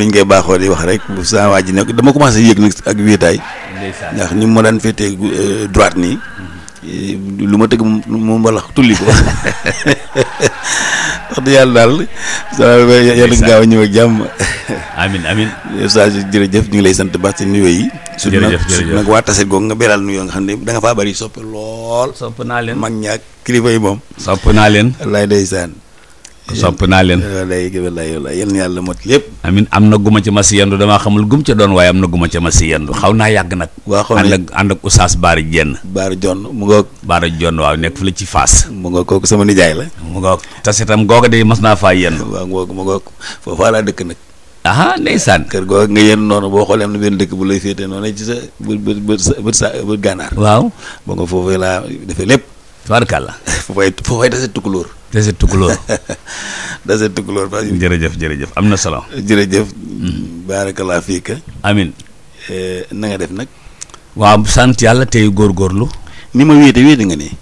ni ñu koy baaxoo di wax rek bu saa waa ji ne dama commencé yëg nag ak wéetaay. ndax ni ma daan féetee euh, droite nii. Mm-hmm. lu ma tëgg mu mbalax tulli ko wax yàlla daal. yàlla gaaw a ñëw ak jàmm. amin amin saa si jërëjëf ñu ngi lay sant baax si nuyoo yi. jërëjëf jërëjëf nag waa taset googu nga beral nuyoo nga xam ne da nga faa bari sopp lool. sopp naa leen mag ñaak kilifa yi moom. sopp naa leen. wallaay ndeysaan. sopp naa leen wallaay wallaay wallaay yal na yàlla mot lépp amin am na guma ci ma si yendu damaa xamul gum ca doon waaye am na guma ca ma si yendu xaw naa yàgg nag waa xaw ànd ak ànd ak oustaz baari jenn baari jonn mu ngoog baari jonn waaw nekk fi la ci faas mu ngoog kooku sama nijaay la mu ngoog tasitam googa de mas naa faa yendu waaw ngoog mu ngoog foofaa laa dëkk nag aha ndeysaan kër googa nga yenn noonu boo xoolee na benn dëkk bu lay féete noonu ci sa bë bë sa bët sa bët gànnaar waaw ba defee lépp tubaarkàlla fooy fooy dase tukulóor. dase tukulóor. dase tukulóor. jërëjëf jërëjëf am na salaam. jërëjëf. Mm. baarakalaa fiika. amin eh, na nga def nag. waaw sant yàlla tey góorgóorlu. ni ma wéete wéete nga nii.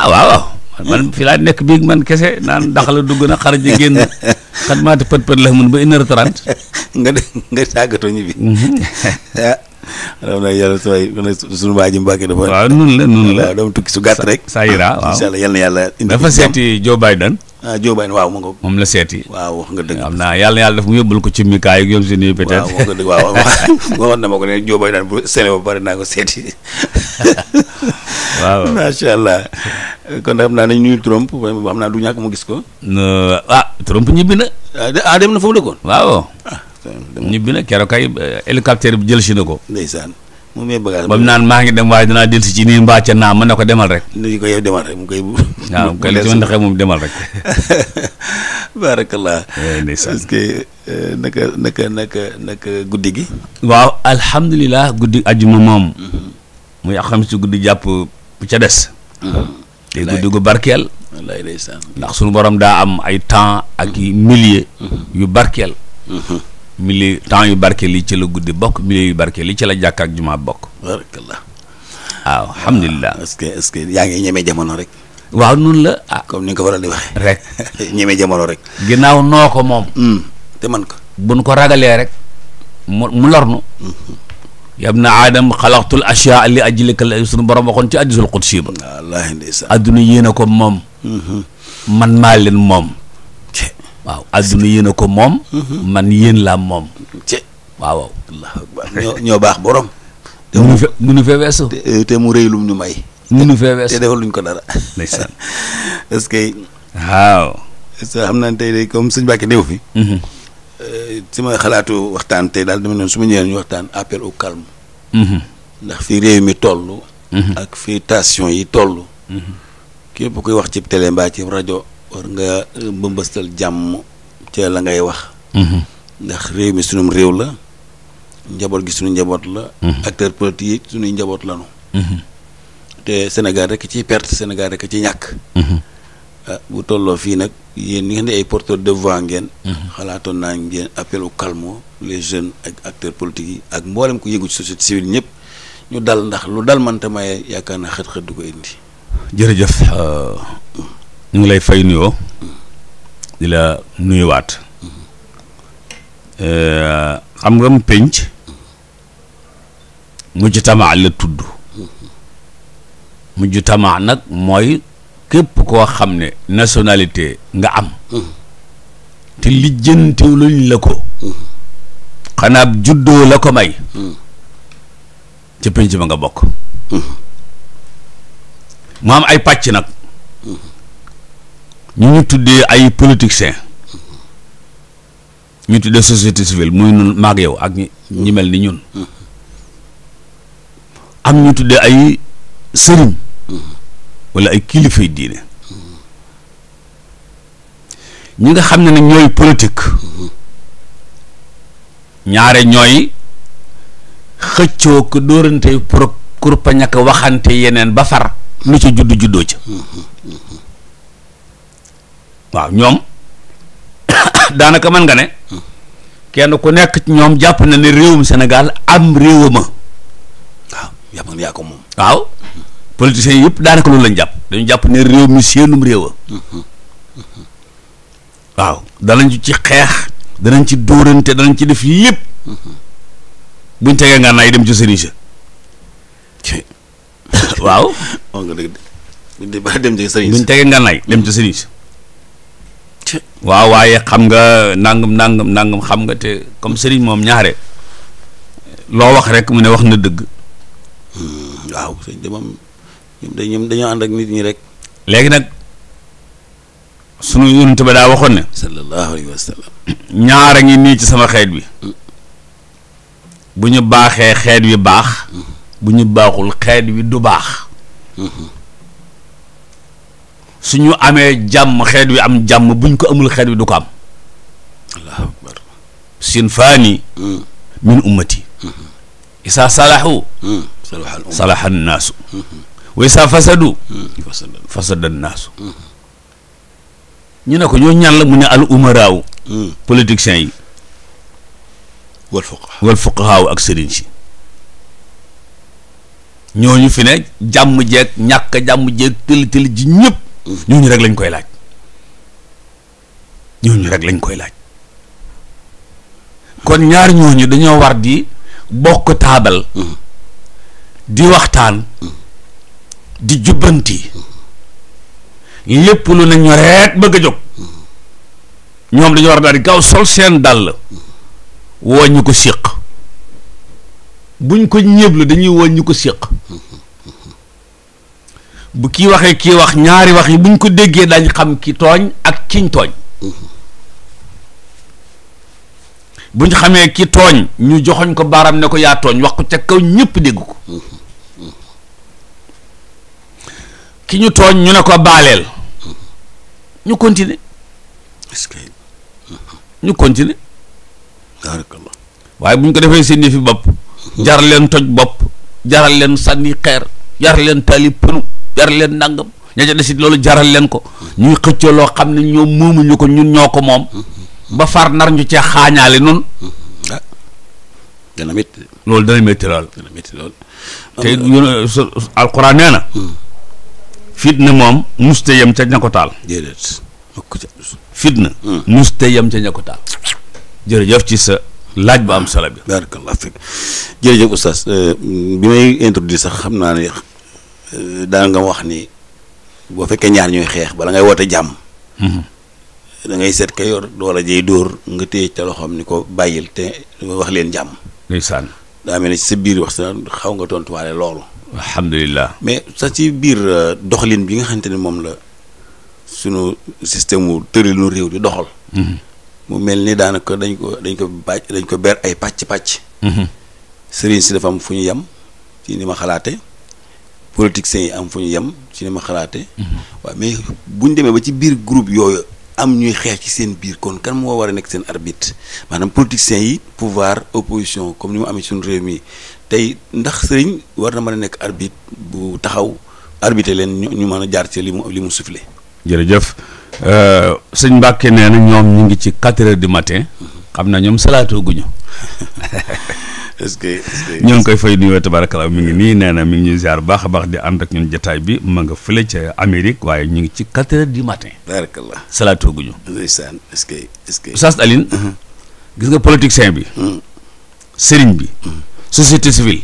ah waaw waaw. man fi laa nekk biig man kese naan daxala dugg na xar ji génn xat maati pët pët la mun ba une heure nga de nga tàggatoo ñu bi. xam naa yàlla sooy dafa. tukki su gàtt rek. saa yu ah, yàlla. dafa seeti Joe Biden. ah Joe Biden waaw mu nga. moom la seeti. waaw wax nga dëgg. xam naa yàlla yàlla daf yóbbul ko ci mikaay ak yom si nii peut-être. waaw wax nga dëgg waaw waxoon na ko ne Joe Biden bu sele ba pare naa ko seeti. waaw macha allah. kon xam naa nañ nuyu Trump xam naa du ñàkk mu gis ko. ah Trump ñibbi na. ah, ah na fa mu dëkkoon. waaw. Ah. ñibbi na keroog kay euh, hélicoptère bi jël si na ko. ndeysaan moom ay bagage ba naan maa ngi dem waaye dinaa dellu ci nii mbaa ca naa mën na ko demal rek. ni ko mu koy. waaw kay li ci mën ndaxee moom demal eh, euh, guddi gi. waaw alhamdulilah guddi ajuma moom. Mhm. muy xam si guddi jàpp bu ca des. day mhm. guddi gu barkeel. wallaay ndax sunu borom daa am ay temps ak i milliers. Mhm. yu barkeel. milieu temps yu barke lii ci la guddi bokk milieu yu barke li ci la jàkk ak jumaa bokk barakallah waaw alhamdulilah yaa ngi ñemee jamono rek waaw nun la ah comme ni nga ko waral di waxee rek ñemee jamono rek ginnaaw noo ko moom hmm, te man ko bu nu ko ragalee rek mu mu nu hmm. yab na aadam xalaqtul ashyaa li ajlika la suñu borom waxoon ci hadiisul qudsi ba wallaahi ndeysaan adduna yéen a ko moom hmm, man maa leen moom waaw adduna yéen ko moom. Mhm. man yéen laa moom. waaw waaw. ñoo baax borom. te mu fe mu nu fee weesu. Eh, te mu rëy lum ñu may. mu nu fee weesu te defal luñ ko dara. ndeysaan est-ce que. waaw. est xam naa tey de comme suñ bàkkee néew fi. si mhm. eh, ma xalaatu waxtaan tey daal dama ne su ma ñëwee ñu waxtaan appel au calme. Mhm. ndax fii réew mi toll. ak fii tension yi toll. képp koy wax ci télé mbaa ci rajo. war nga euh, mbëmbëstal jàmm ca la ngay wax mm-hmm. ndax réew mi sunum réew la njaboot gi sunu njaboot la mm-hmm. acteur politique yi sunuy njaboot lanu mm-hmm. te Sénégal rekk ci perte Sénégal rek ci ñàkk ah, bu tolloo fii nag yéen ñi nga xam ne ay porteur de voix ngeen xalaatoon naa ngeen appel au calme les jeunes ak acteurs politiques yi ak mboolem ku yëngu ci société civile ñëpp ñu dal ndax lu dal man te yaakaar naa xët-xët du ko indi jërëjëf euh, ñu ngi lay fay nuyoo di la nuyuwaat eh, xam nga mu pénc mujj tamaa la tudd mujj tamaa nag mooy képp koo xam ne nationalité nga am te li lijjanti luñ la ko xanaa juddoo la ko may ca pénc ma nga bokk mu am ay pàcc nag ñu ñu tuddee ay politiciens ñu tuddee société civile muy ñun maag yow ak ñi mel ni ñun am ñu tuddee ay sëriñ wala ay kilifay diine ñi nga xam ne ñooy politique ñaare ñooy xëccoo ko dóorante pour kurpañaka waxante yeneen ba far lu ca juddu juddoo ca waaw ñoom daanaka mën nga ne kenn ku nekk ñoom jàpp na ne réewum Sénégal am réewama waaw jàpp na yaa ko moom waaw politiciens yëpp daanaka loolu lañ jàpp dañu jàpp ne réew mi seenum réewa waaw danañ ci xeex danañ ci dóorante danañ ci def lépp buñ tegee nga naay dem ci sëriñ waaw. wax nga dëgg dem ci sa buñ tegee nga naay dem ci sa waaw waaye xam nga nangam nangam nangam xam nga te comme sëriñ moom ñaare loo wax rek mu ne wax na dëgg hmm, waaw sëñ de moom ànd ak nit ñi rek léegi nag sunu yonent ba daa waxoon ne sallallahu ñaar a ngi nii ci sama xeet bi bu ñu baaxee xeet wi baax hmm. bu ñu baaxul xeet wi du baax hmm. suñu amee jàmm xeet wi am jàmm buñ ko amul xeet wi du ko am allahu akbar sin faani hmm. min ummati hmm. isaa salahu hmm. salaha annaasu wa isaa fasadu fasada annaasu ñu ne ko ñoo ñan la mu ne al umaraaw politiciens yi wal fuqahaa ak sëriñ si ñooñu fi ne jàmm jeeg ñàkk jàmm jeeg tëli tëli ji ñëpp ñooñu rek lañ koy laaj ñooñu rek lañ koy laaj kon ñaar ñooñu dañoo war di bokk taabal di waxtaan di jubbanti lépp lu ne ñoreet bëgg a jóg ñoom dañoo war daal di gaaw sol seen dàll woo ñu ko séq buñ ko ñëblu dañuy woo ñu ko séq bu kii waxee kii wax ñaari wax yi buñ ko déggee dañ xam ki tooñ ak kiñ tooñ buñ xamee ki tooñ ñu joxoñ ko baaram ne ko yaa tooñ wax ko ca kaw ñëpp dégg ko ki ñu tooñ ñu ne ko baaleel ñu continé ñu continuer barakallah waaye buñ ko defee seen yëfi bopp jaral leen toj bopp jaral leen sànni xeer jaral leen taali pënu jar leen nangam ña ca si loolu jaral leen ko ñuy xëccee loo xam ne ñoo moomuñu ko ñun ñoo ko moom ba far nar ñu cee xaañaale nun ah, dana loolu dana métti lool dana te yun alquran nee na hmm. fitna moom muste yem ca ña ko taal déedéet fitna hmm. muste yem ca ña ko taal jërëjëf ci sa laaj bu am solo bi barakallah fik jërëjëf oustaz euh, bi may introduire sax xam naa ne Euh, daa nga wax ni boo fekkee ñaar ñuy xeex bala ngay woote jàmm. Mhm. dangay seet ka yor doola jey dóor nga téye ca loxoom ni ko bàyyil te wax leen jàmm. sànn daa mel ne ci sa biir wax sa xaw nga tontuwaale loolu. alhamdulilah. mais sax ci biir euh, doxalin bi nga xamante ne moom la sunu système mu tëralinu réew di doxal. Mhm. mu mel ni daanaka dañ ko dañ ko bàcc dañ ko ber ay pàcc pàcc. Mhm. sëriñ si dafa fu ñu yem ci ni ma xalaate politiciens yi am fu ñu yem ci ni ma xalaate mm-hmm. waaw mais bu demee ba ci biir group yooyu am ñuy xeex ci seen biir kon kan moo war a nekk seen arbitre maanaam politiciens yi pouvoir opposition comme ni mu amee suñu réew mi tey ndax sëriñ war na mën a nekk arbitre bu taxaw arbitre leen ñu mën a jaar ci li mu li mu soufflé. jërëjëf euh, sëñ Mbàkke nee na ñoom ñu ngi ci quatre heures du matin mm-hmm. xam na ñoom salaatoo guñu est-ce que ñoo ngi koy fay nuyoo tabarakalla mi ngi nii nee na mi ngi ñuy ziar baax a baax di ànd ak ñun jotaay bi ma nga fële ca Amérique waaye ñu ngi ci quatre heures du matin. tabarakalla salaatoo guñu. ndeysaan que est que. Oustaz uh-huh. gis nga politicien bi. Hmm. sëriñ bi. Hmm. société civile.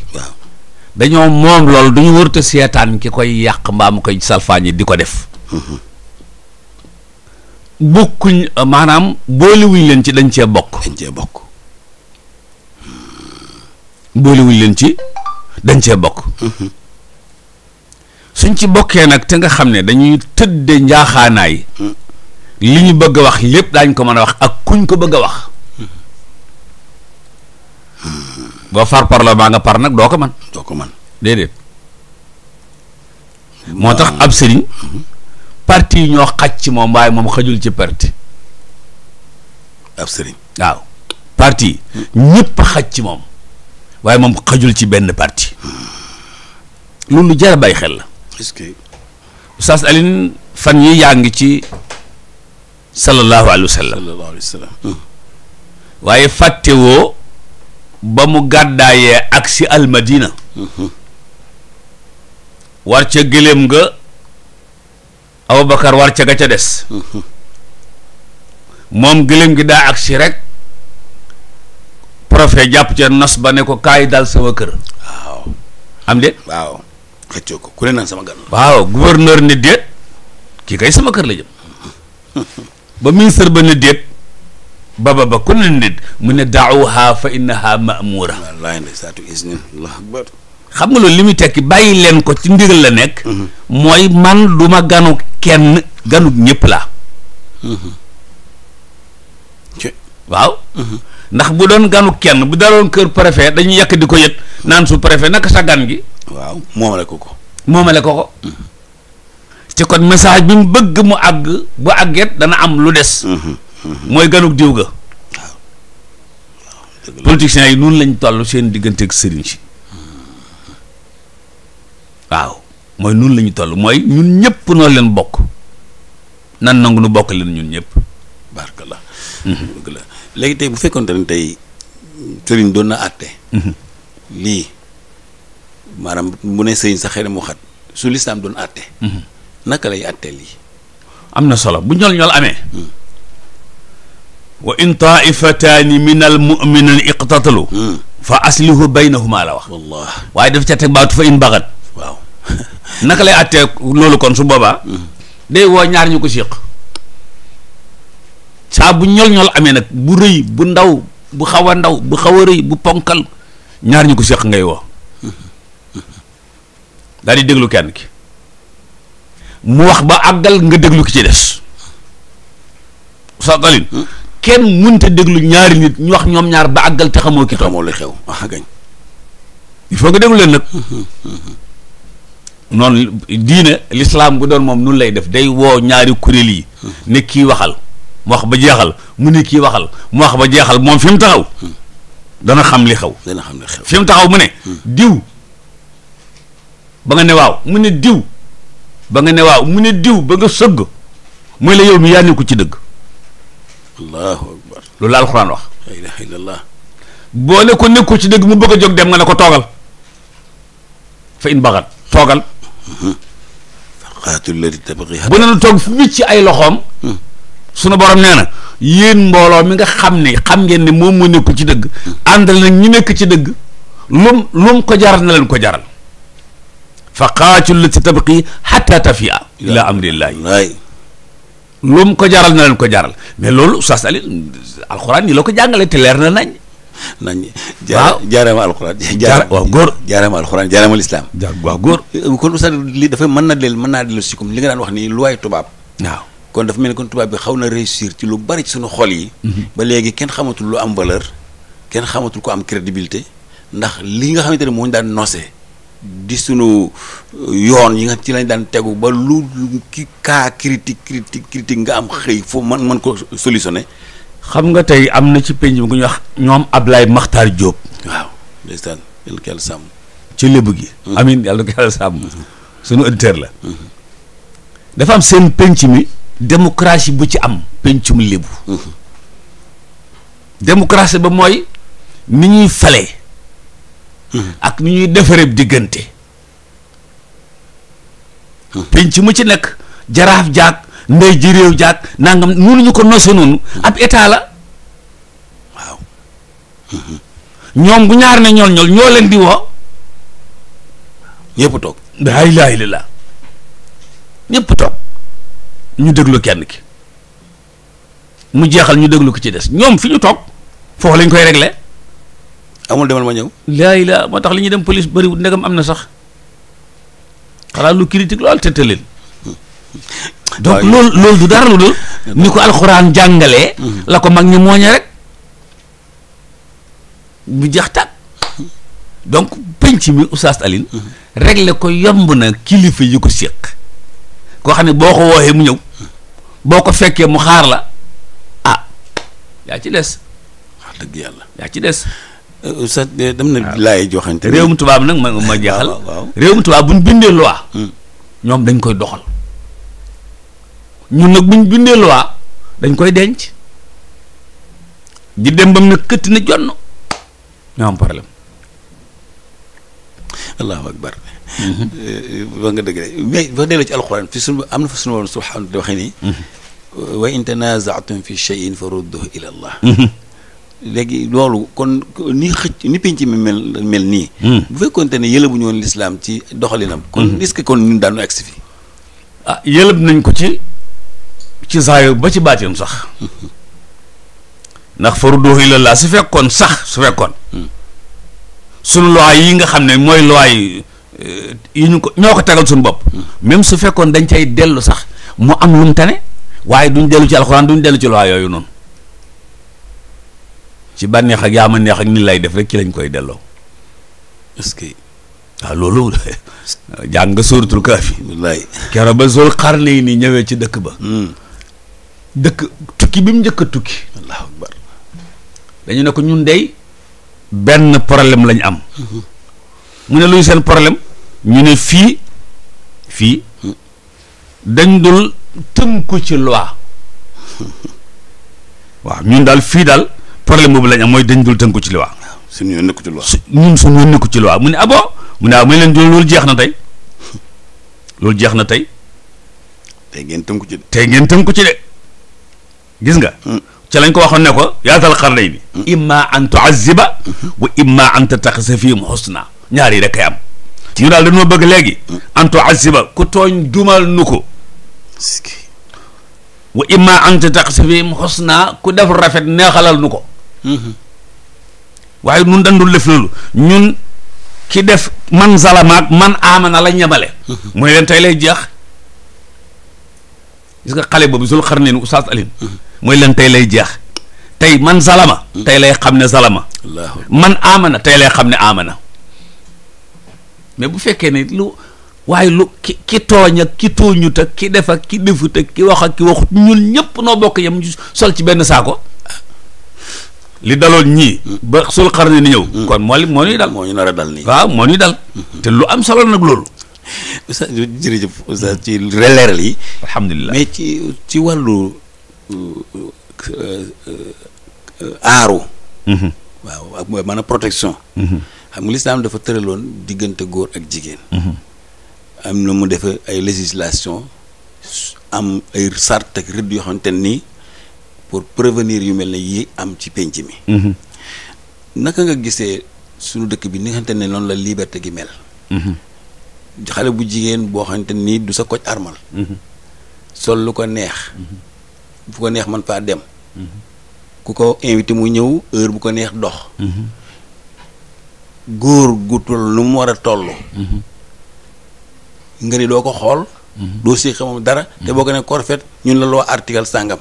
waaw loolu duñu wërta seetaan ki koy yàq mbaa mu koy salfaañi di ko def. Hmm. bokkuñ maanaam boolewuñ leen ci dañ cee bokk. dañ cee bokk. boolewuñ leen ci dañ cee bokk mm-hmm. suñ ci bokkee nag te nga xam ne dañuy tëdde njaaxaanaay mm-hmm. li ñu bëgg a wax lépp dañ ko mën a wax ak kuñ ko bëgg a wax mm-hmm. boo far par nga par nag doo ko man doo ko man déedéet moo tax ab sëriñ parti yi ñoo xaj ci moom waaye moom xajul ci parti ab sëriñ waaw parti yi xaj ci moom waaye moom xajul ci benn parti loolu jar xel la. est-ce fan yi yaa ngi ci sallallahu alayhi wa sallam. Hmm. waaye fàttewoo ba mu gàddaayee ak si almadina. Hmm. war ca gëléem nga Aboubacar war ca ga ca des. Hmm. moom gëléem gi daa ak si rek. préfet jàpp ca nos ba ne ko kaay dal sama kër. waaw am déet. waaw xëccoo ne sama gan. waaw gouverneur déet kii kay sama kër la jëm ba ministre ba ne déet ba ba ba ku ne nit mu ne daawuha fa innaha maamura. xam nga loolu li muy tekki bàyyi leen ko ci ndigal la nekk. Mm-hmm. mooy man du ma ganu kenn ganu ñëpp laa. Mm-hmm. waaw ndax bu doon ganu kenn bu daloon kër préfet dañu yàq di ko yëg naan su préfet naka sa gan gi waaw moomale ko ko moomale ko ko ci kon message bi mu bëgg mu àgg bu àgget dana am lu des mooy ganu diw ga politiciens yi noonu lañ toll seen diggante ak sëriñ si waaw mooy noonu la ñu toll mooy ñun ñëpp noo leen bokk nan nangu nu bokk leen ñun ñëpp léegi tey bu fekkonte ne tey sëriñ doon na àtte mhm. lii maanaam bu ne sëriñ sa xëy na mu xat su lislaam doon àtte mhm. naka lay àtte lii am na solo bu ñool ñool amee hmm. wa in taifataani min al muminina iqtatalu hmm. fa aslihu baynahuma la wax wallah waaye daf ca teg baatu fa in baxat waaw naka lay àttee loolu kon su boobaa hmm. day woo ñaar ñu ko siq saa bu ñol-ñol amee nag bu rëy bu ndaw bu xaw a ndaw bu xaw a rëy bu ponkal ñaar ñu ko seq ngay woo daal di déglu kenn ki mu wax ba àggal nga déglu ki ci des satalin hmm? kenn te déglu ñaari nit ñu wax ñoom ñaar ba àggal te xamoo ki xamoo la xew wax ah, gañ il faut nga déglu leen nag hmm, hmm, noonu diine lislaam bu doon moom nun lay def day woo ñaari kuréel yi ne kii waxal mu wax ba jeexal mu ne kii waxal mu wax ba jeexal moom fi mu taxaw dana xam li xew. dana xam fi mu taxaw mu ne. Hmm. diw ba nga ne waaw mu ne diw ba nga ne waaw mu ne diw ba sëgg mooy la yow mi yaa nekkul ci dëgg. allahu laal loolu la wax. la ilaha illallah. boo ne ko nekkul ci dëgg mu bëgg a jóg dem nga ne ko toogal. fa in baxat toogal. Hmm. faqaatul lati ne la toog fu ci ay loxoom. Hmm. sunu borom nee na yéen mbooloo mi nga xam ne xam ngeen ne moom moo nekkul ci dëgg àndal nag ñi nekk ci dëgg lum lum ko jaral na leen ko jaral fa qaatil lati tabqi hatta tafia ila amrillahi lum ko jaral na leen ko jaral mais loolu Oustaz Alioune alxuraan ni la ko jàngale te leer na nañ nañ waaw jaarama alxuraan jaar waaw góor jaarama alxuraan jaarama lislaam waaw góor eh, kon Oustaz lii dafa mën na del mën naa dellu si comme li nga daan wax nii luwaay tubaab waaw kon dafa mel ni kon tubaab bi xaw na réussir ci lu bari ci suñu xol yi. Mhm. ba léegi kenn xamatul lu am valeur kenn xamatul ko am crédibilité ndax li nga xamante ne moo daan noosee di sunu euh, yoon yi nga ci lañ daan tegu ba lu ki cas critique nga am xëy foo man mën ko solutionné. xam nga tey am na ci penc mi ku ñuy wax ñoom Ablaye Makhtar Diop. waaw ndeysaan ci lébu gi. Mhm. amiin yàlla ko yàlla sàmm. Mhm. sunu auditeur la. dafa am seen penc mi. démocratie bu ci am pencum lébu démocratie ba mooy ni ñuy fale ak ni ñuy defareeb diggante penc mu ci nekk jaraaf jaag ndey ji réew jaag nangam noonu ñu ko nose noonu ab état la waaw ñoom bu ñaar ne ñool ñool ñoo leen di woo ñëpp toog laa ilaaha toog ñu déglu kenn ki mu jeexal ñu déglu ko ci des ñoom fi ñu toog foofu lañ koy regle amul demal ma ñëw. laa moo tax li ñuy dem police bëriwul ndegam am na sax xanaa lu critique lool te tëleel hmm. donc loolu loolu du dara lu dul hmm. ni ko alxuraan jàngalee. Hmm. la ko mag ñi mooñe rek bu jeex tàkk donc penc mi oustaz Alioune. réglé ko yomb na kilifa yi ko séq koo xam ne boo ko wooxee mu ñëw. boo ko fekkee mu xaar la ah yaa ci des. dëgg yàlla yaa ci des. Euh, sa dem na ah. laay joxante. réewum tubaab nag ma ma jeexal. waaw réewum tubaab buñ bindee loi. Hmm. ñoom dañ koy doxal. ñun nag buñ bindee loi dañ koy denc. di dem bam na këtt na jonn ñoo am allahu akbar mhm. eh, ba nga dëgg de mais ba delloo ci alquran fi suñu am na fa suñu woon subhaanahu di waxee mhm. in tanazaatum fi cheyin fa rudduhu ila allah mhm. léegi loolu kon ni xëcc ni penc mi mel mel nii bu fekkoonte ne yëlëbu ñu woon lislaam ci doxalinam kon est-ce que kon ñun daanu agsi fi ah yëlëb nañ ko ci ci zaayo ba ci baatin sax ndax fa rudduhu ila allah su fekkoon sax su fekkoon hmm. sunu loi yi nga xam ne mooy loi euh, yi ñu ko ñoo ko tegal suñu bopp même su fekkoon dañ cay dellu sax mu am lu tane waaye duñ dellu ci alxuraan duñ dellu ci loi yooyu noonu ci bànneex ak yaa ma neex ak ni lay def rek ci lañ koy delloo est que waaw loolu jàng nga sóoratul kaafi wallaay keroog ba Zul Qarnayni ñëwee ci dëkk ba hmm. dëkk tukki bi mu njëkk a tukki allahu akbar dañu ne ko ñun dey benn problème lañ am mhm. mu ne luy seen problème ñu ne fii fii mhm. dañ dul tënku ci loi mhm. waaw ñun daal fii daal problème boobu lañ am mooy dañ dul tënku ci loi suñu yoon nekku ci loi ñun suñu nekku ci loi mu ne abo ah mu ne waaw ah, mu ne leen dul loolu jeex na tey loolu jeex na tey tey ngeen tënku ci de tey ngeen tënku ci de gis nga hmm. ci lañ ko waxoon ne ko yaa zal qarnayni imma an tu'azziba wa imma an tattaxisa fihim husna ñaari yi rek kay am ñu daal dañoo bëgg léegi an tu'azziba ku tooñ dumal nu ko wa imma an ku def rafet neexalal nu ko mhm. waaye nun dandul lëf loolu ñun ki def man zalamaak man amana la ñemale mooy mhm. leen tey lay jeex gis nga xale boobu zul xarneen oustaz Alioune mooy leen tey lay jeex tey man zalama tey lay xam ne zalama man amana tey lay xam ne amana mais bu fekkee ne lu waaye lu ki ki tooñ ak ki tooñut ki def ak ki defut ak ki wax ak ki waxut ñun ñëpp noo bokk yam sol ci benn saako li daloon ñii ba sul xarne ni ñëw mm. kon moo li moo ñuy dal moo ñu nar dal moo ñuy dal mm-hmm. te lu am solo nag loolu sa jërëjëf oustaz ci leeral yi. alhamdulilah mais ci ci wàllu euh, euh, aaru. Mhm. waaw ak mooy maanaam protection. Mhm. xam nga lislaam dafa tëraloon diggante góor ak jigéen. Mhm. am na mu def ay législation am ay sart ak rëdd yoo xamante nii pour prévenir yu mel ni yi am ci penc mi. naka nga gisee sunu dëkk bi ni nga ne noonu la liberté gi mel. xale bu jigéen boo xamante nii du sa koj armal mhm. sol lu ko neex fu mhm. ko neex man faa dem mhm. ku ko invité mu ñëw heure bu ko neex dox góor gu toll lu mu war a toll nga ni doo ko xool doo séq moom dara te boo ko ne korfet ñun la loo article sàngam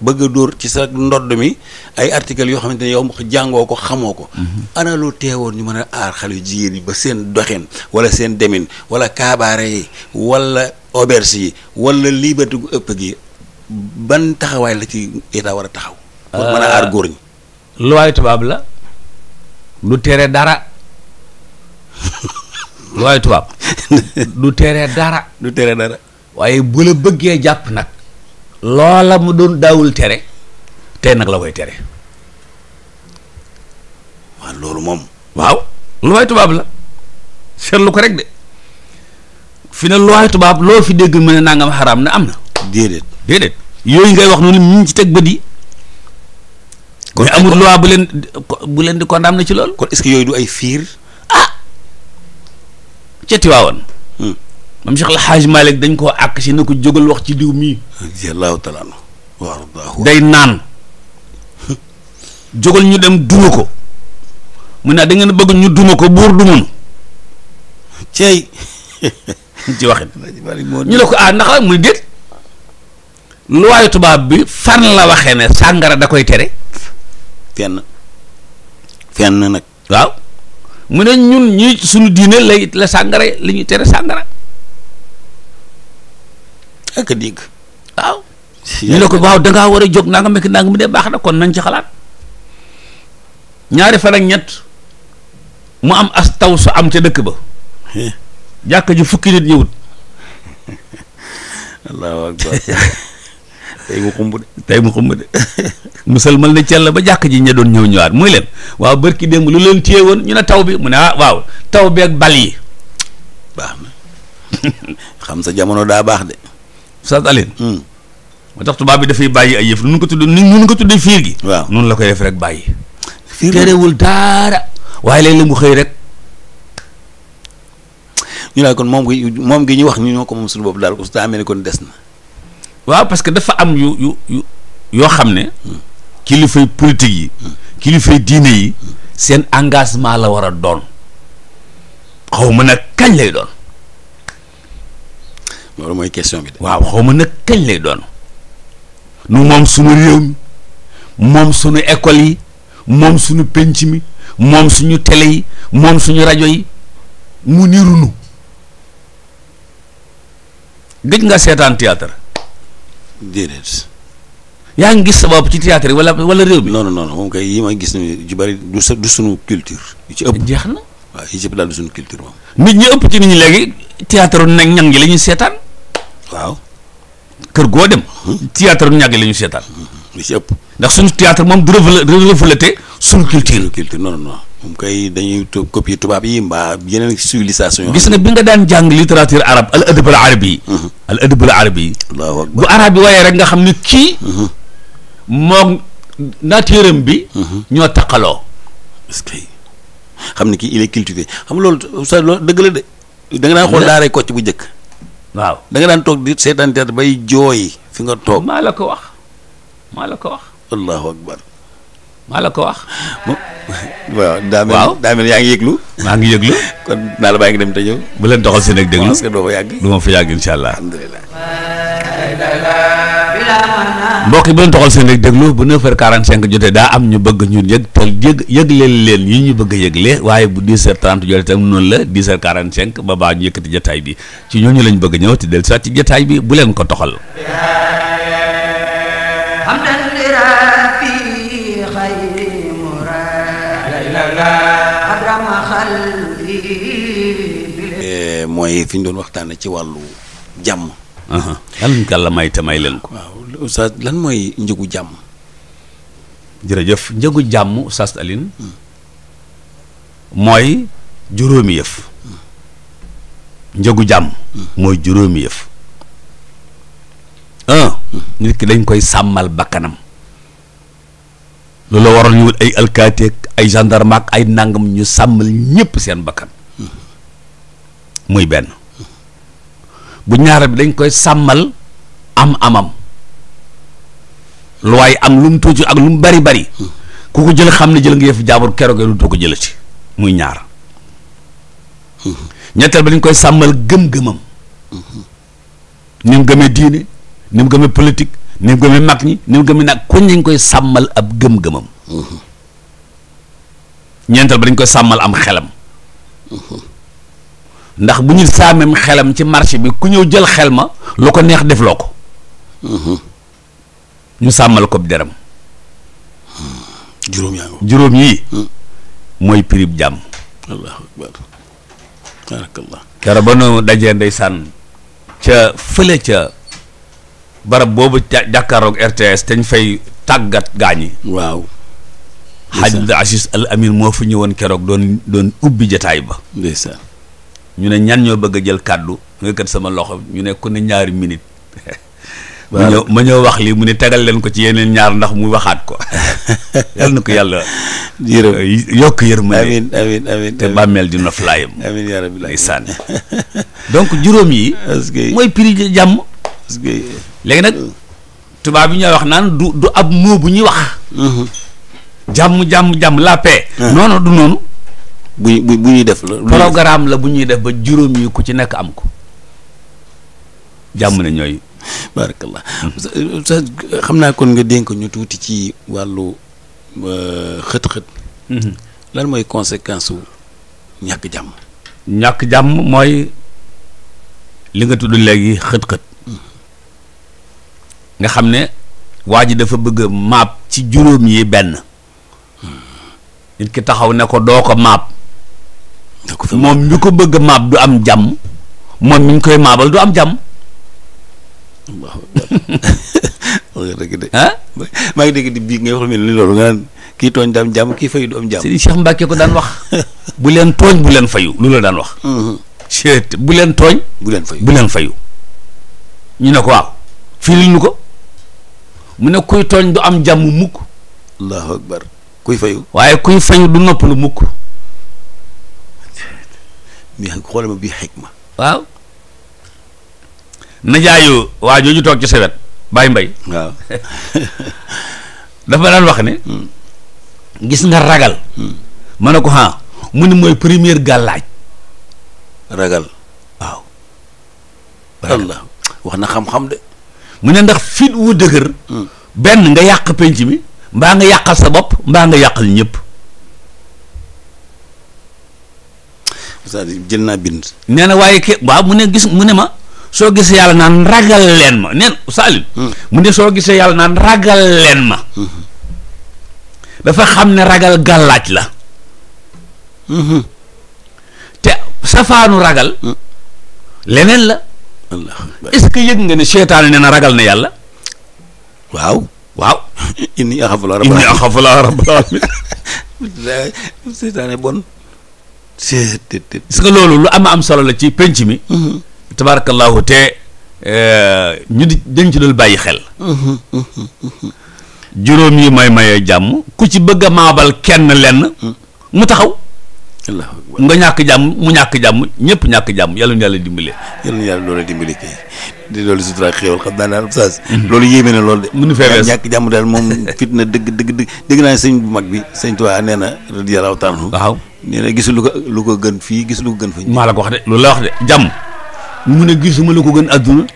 bëgg a dóor ci sa ndodd mi ay article yoo xam ne yow jàngoo ko xamoo ko ana lu teewoon ñu mën a aar xale yu jigéen yi ba seen doxin wala seen demin wala kaabaare yi walla auberge yi wala liberté gu ëpp gi ban taxawaay la ci état war a taxaw pour mën a aar góor ñi luwaayu tubaab la du tere dara waaye tubaab du teree dara. du tere dara. waaye bu la bëggee jàpp nag. loola mu daawul tere. tey nag la koy tere. loolu moom. waaw lu tubaab la. seetlu ko rek de. fi ne lu tubaab loo fi dégg mu ne nangam xaraam na am na. déedéet déedéet. yooyu ngay wax noonu ñu ngi bët yi. kon amul loi bu leen bu leen di condamné ci loolu. kon est-ce yooyu du ay fiir. ca Tiwaawan hmm. maam Cheikh El Hadj Malick dañ koo àkk si na ko jógal wax ci diw mii radiyallaahu taala anhu day naan jógal ñu dem duma ko mu ne da ngeen bëgg ñu duma ko buur dumanu ceey ñu ne ko ah ndax la muy déet luwaayu tubaab bi fan la waxee ne sàngara da koy tere fenn nag waaw mu ne ñun ñi suñu diine lay la sàngara li ñuy tere sàngara ak dégg waaw ñu ne ko waaw dangaa war a jóg naa nga mekk naa mu ne baax na kon nañ ci xalaat ñaari fan ak ñett mu am as taw su am ca dëkk ba eh. jàkk ji fukki nit ñëwut allahu akbar tey mu xumb de tey mu xumb de musalmal na ci yàlla ba jàkk ji ña doon ñëw ñëwaat muy leen waaw bërki démb lu leen téye woon ñu ne taw bi mu ne ah waaw taw beeg bal yi baax na xam sa jamono daa baax de Oustaz Alioune hmm. moo tax tubaab bi dafay bàyyi ay yëf nu ko tudd nu nu ko tuddee fiir gi waaw noonu la koy def rek bàyyi terewul daara waaye léeg-léeg mu xëy rek ñu ne kon moom gi moom gi ñu wax ñu ñoo ko moom suñu bopp daal ko su taamee ne kon des na waaw parce que dafa am yu yu yoo xam ne kilifay politique yi kilifay diine yi seen engagement la war a doon xaw ma nag kañ lay doon. loolu mooy question bi waaw xaw ma nag kañ lay doon nu moom sunu réew mi moom sunu école yi moom suñu penc mi moom suñu télé yi moom suñu rajo yi mu nirunu gëj nga seetaan théâtre déedéet. yaa ngi gis sa bopp ci théâtre yi wala wala réew bi non non non moom kay yi ma gis ni ju bari du sa du sunu culture. yu ci ëpp jeex na. waaw yi ci ëpp daal du sunu culture nag ñang yi la ñuy kër goo dem. Hmm. théâtre ñag yi la ñuy seetaan. lu hmm, hmm, ci ëpp. ndax sunu théâtre moom du refléter sunu culture. culture non non. moom kay dañuy copier tubaab yi mbaa yeneen civilisation gis nga bi nga daan jàng littérature arabe al adab al arabi yi mm-hmm. al adab al arabi yi bu arab yi waaye rek nga xam ne kii mm-hmm. moom natéram bi mm-hmm. ñoo taqaloo est-ce que xam ne kii il est cultivé xam loolu sa loolu dëgg la de da nga daan xool daaray kocc bu njëkk waaw da nga daan toog di seetaan teet bay jooy fi nga toog maa la ko wax maa la ko wax allahu akbar maa la ko wax. waaw daa mel waaw daa mel yaa ngi yëglu. maa ngi yëglu. kon naa la baa ngi dem te ñëw. bu leen doxal seen ak déglu parce que doo fa yàgg. du ma fa yàgg incha bu leen doxal seen déglu bu 9h45 jotee daa am ñu bëgg ñu yëg te yëg yëgleel leen yi ñu bëgg a yëgle waaye bu 10h30 jotee tam noonu la 10h45 ba baa ñu yëkkati jotaay bi ci ñooñu lañ bëgg ñëw te dellusiwaat ci jotaay bi bu leen ko toxal. mooy fi ñu doon waxtaanee ci wàllu jàmm. lan gàlla may leen ko. lan mooy njëgu jàmm. jërëjëf njëgu jàmm oustaz hmm. mooy juróomi yëf. Hmm. njëgu jàmm. Hmm. mooy juróomi yëf. nit ki dañ koy sàmmal bakkanam. loolu la waroon ñu wut ay alkaati ay gendarme ak ay nangam ñu sàmmal ñëpp seen bakkan. muy benn bu ñaar bi dañ koy sàmmal am amam lu waaye am lum mu tuuti ak lu mu bari bari ku ko jël xam ne jël nga yëf jaabur keroog lu doo ko jëla ci muy ñaar ñetteel ba dañ koy sàmmal gëm-gëmam ni mu gëmee diine ni mu gëmee politique ni mag ñi ni mu nag koñ dañ koy sàmmal ab gëm-gëmam ñeenteel ba dañ koy sàmmal am xelam ndax bu ñu saamem xelam ci marché bi ku ñëw jël xel ma lu ko neex def loo ko mhm. ñu sàmmal ko deram juróom yaa juróom yii hmm. mooy prib jàmm allahu akbar barakallah kero ba nu dajee ndeysaan ca fële ca barab boobu jàkkaaroog RTS te ñu fay tàggat gaañi waaw xaj Aziz Al Amin moo fi ñëwoon keroog doon doon ubbi jataay ba ñu ne ñan ñoo bëgg a jël kàddu nga kat sama loxo ñu ne ku ne ñaari minute ma ñëw ma ñëw wax lii mu ne tegal leen ko ci yeneen ñaar ndax mu waxaat ko yal na ko yàlla. yërëm euh, yokk yërëm. amiin amiin amiin te bàmmeel di noflaayam. amiin yaa rabbi donc juróom yi. mooy prix jàmm. léegi nag tubaab yi ñooy wax naan du du ab moo bu ñuy wax. jàmm jàmm jàmm la du noonu. bu bu bu ñuy def la. programme la bu ñuy def ba juróom yi ku ci nekk am ko. jàmm ne ñooy. barakallah sa xam naa kon nga dénk ñu tuuti ci wàllu euh, xët-xët. Mhm. lan mooy conséquence wu ñàkk jàmm. ñàkk jàmm mooy li nga tudd léegi xët-xët. Hmm. nga xam ne waa ji dafa bëgg maap ci juróom yi benn. Hmm. nit ki taxaw ne ko doo ko maap. moom mi ko bëgg a maab du am jàmm moom mi ñu koy maabal du am jàmm. waaw maa ngi dégg di bii ngay wax mel loolu nga naan kii jàmm kii fayu du am jàmm. Sëriñ Cheikh ko daan wax. bu leen tooñ bu leen fayu lu daan wax. Mm-hmm. cheet bu leen tooñ. bu leen fayu bu leen fayu. ñu ne ko waaw ko mu ne kuy du am jàmm mukk. allahu akbar kuy fayu. waaye kuy fayu du nopp lu mukk. bi xoolal ma bii xikma waaw najaayu waa jooju toog ci sa wet bàyyi mbay waaw dafa daan wax ne hmm. gis nga ragal hmm. ma ne ko ah mu ne mooy première gàllaaj ragal waaw allah wax na xam-xam de mu ne ndax fit wu dëgër hmm. benn nga yàq penc mi mbaa nga yàqal sa bopp mbaa nga yàqal ñëpp c'est-à-dire jël naa bind. nee na waaye ke waaw mu ne gis mu ne ma soo gisee yàlla naan ragal leen ma nee na Salim. Hmm. mu ne soo gisee yàlla naan ragal leen ma. Hmm. dafa xam ne ragal gàllaaj la. Hmm. te safaanu ragal. leneen la. est-ce que yëg nga ne seetaan nee na ragal na yàlla. waaw. waaw. inni axafu laa rabbal aalamiin inni axafu laa rabbal aalamiin. seetaane bon. gis nga loolu lu am am solo la ci penc mi. Mm-hmm. tabaarakallaahu te eh, ñu di dañ ci dul bàyyi xel. Mm-hmm. Mm-hmm. juróom yi may maye jàmm. ku ci bëgg a maabal kenn lenn. mu taxaw. nga ñàkk jàmm mu ñàkk jàmm ñëpp ñàkk jàmm yàlla ñu yàlla dimbali. yàlla ñu yàlla loola dimbali kay. di loolu sutura xéewal xam naa daal oustaz loolu yéeme na loolu de mënu fee wees ñàkk jàmm daal moom fitna dëgg dëgg dëgg dégg naa sëñ bu mag bi sëñ Tuubaa nee na radiyallaahu taala waaw nee na gisul lu ko lu ko gën fii gisul lu gën fa. maa la ko wax de loolu la wax de jàmm mu ne gisuma lu ko gën adduna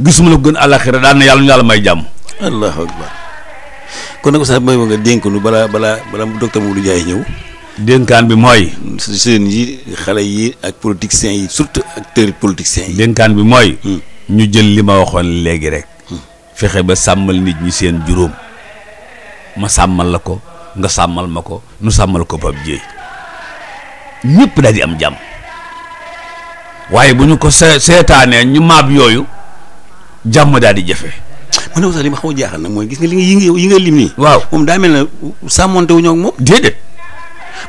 gisuma la ko gën àllaaxira daan na yàlla ñu yàlla may jàmm. allahu akbar kon nag sax mooy nga dénk nu balaa balaa balaa docteur Mamadou Ndiaye ñëw. dénkaan bi mooy. seen yi xale yi ak politiciens yi surtout acteurs politiciens yi. dénkaan bi mooy. Hmm. ñu jël li ma waxoon léegi rek. Hmm. fexe ba sàmmal nit ñi seen juróom ma sàmmal la ko nga sàmmal ma ko nu sàmmal ko Pape Dieye. ñëpp daal di am jàmm waaye bu ñu ko see seetaanee ñu maab yooyu jàmm daal di jafe. man na sax li ma xaw a jaaxal nag mooy gis nga li nga yi nga yi nga lim waaw moom daa mel ne sàmmonte wu ñoo ak moom. déedéet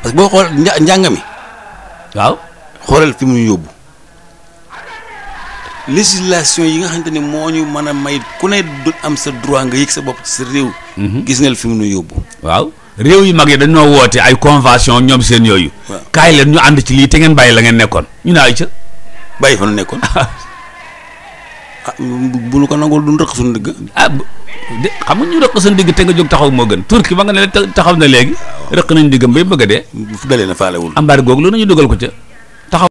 parce que boo xool nja njàng mi. waaw xoolal fi mu yóbbu. législation yi nga xamante ne moo ñu mën a may ku ne du am sa droit nga yëg sa bopp sa réew. Mhm. gis nga fi mu nu yóbbu. réew yu mag yi dañoo woote ay convention ñoom seen yooyu. kaay leen ñu ànd ci lii te ngeen bàyyi la ngeen nekkoon ñu ne ay ca. bàyyi fa nu nekkoon. Ah, bu nu ko nangul du rëq suñu digg. ah de xam nga ñu rëq suñu digg te nga jóg taxaw moo gën turki ba nga ne taxaw na léegi. rëq nañu diggam bay bëgg a dee. fu dalee na faalewul. ambaar googu loolu nañu dugal ko ca.